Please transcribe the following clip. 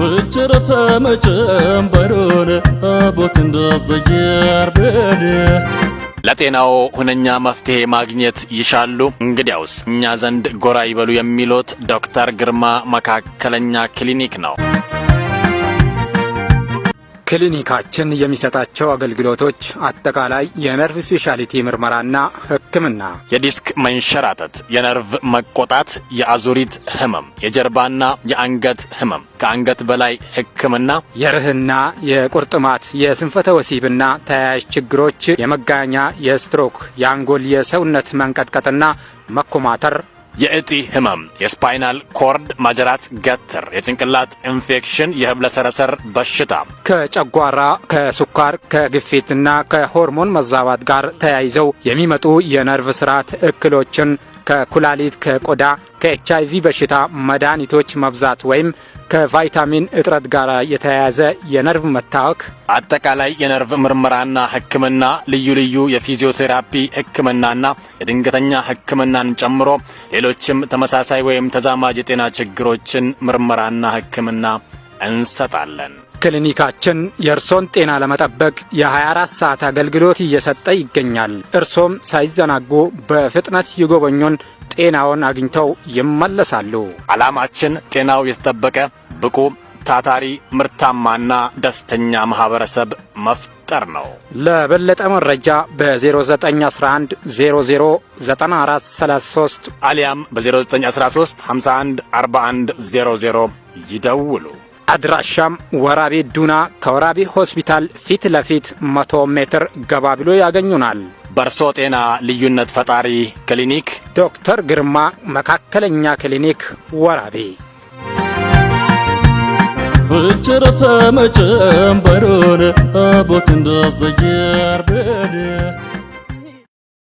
ፍጭረፈ መጨንበሩን አቦት እንዳዘየርብን ለጤናው ሁነኛ መፍትሄ ማግኘት ይሻሉ? እንግዲያውስ እኛ ዘንድ ጎራ ይበሉ የሚሎት ዶክተር ግርማ መካከለኛ ክሊኒክ ነው። ክሊኒካችን የሚሰጣቸው አገልግሎቶች አጠቃላይ የነርቭ ስፔሻሊቲ ምርመራና ሕክምና፣ የዲስክ መንሸራተት፣ የነርቭ መቆጣት፣ የአዙሪት ህመም፣ የጀርባና የአንገት ህመም፣ ከአንገት በላይ ሕክምና፣ የርህና የቁርጥማት፣ የስንፈተ ወሲብና ተያያዥ ችግሮች፣ የመጋኛ፣ የስትሮክ፣ የአንጎል፣ የሰውነት መንቀጥቀጥና መኮማተር የእጢ ህመም፣ የስፓይናል ኮርድ ማጀራት ገትር፣ የጭንቅላት ኢንፌክሽን፣ የህብለሰረሰር በሽታ ከጨጓራ ከስኳር ከግፊትና ከሆርሞን መዛባት ጋር ተያይዘው የሚመጡ የነርቭ ስርዓት እክሎችን ከኩላሊት፣ ከቆዳ፣ ከኤች አይቪ በሽታ መድኃኒቶች መብዛት ወይም ከቫይታሚን እጥረት ጋር የተያያዘ የነርቭ መታወክ፣ አጠቃላይ የነርቭ ምርመራና ሕክምና፣ ልዩ ልዩ የፊዚዮቴራፒ ሕክምናና የድንገተኛ ሕክምናን ጨምሮ ሌሎችም ተመሳሳይ ወይም ተዛማጅ የጤና ችግሮችን ምርመራና ሕክምና እንሰጣለን። ክሊኒካችን የእርሶን ጤና ለመጠበቅ የ24 ሰዓት አገልግሎት እየሰጠ ይገኛል። እርሶም ሳይዘናጉ በፍጥነት ይጎበኙን። ጤናውን አግኝተው ይመለሳሉ። ዓላማችን ጤናው የተጠበቀ ብቁ፣ ታታሪ፣ ምርታማና ደስተኛ ማህበረሰብ መፍጠር ነው። ለበለጠ መረጃ በ0911 00 9433 አሊያም በ0913 514100 ይደውሉ። አድራሻም ወራቤ ዱና ከወራቤ ሆስፒታል ፊት ለፊት መቶ ሜትር ገባ ብሎ ያገኙናል። በርሶ ጤና ልዩነት ፈጣሪ ክሊኒክ ዶክተር ግርማ መካከለኛ ክሊኒክ ወራቤ ብችረፈ መጨንበሮን አቦት እንዳዘየር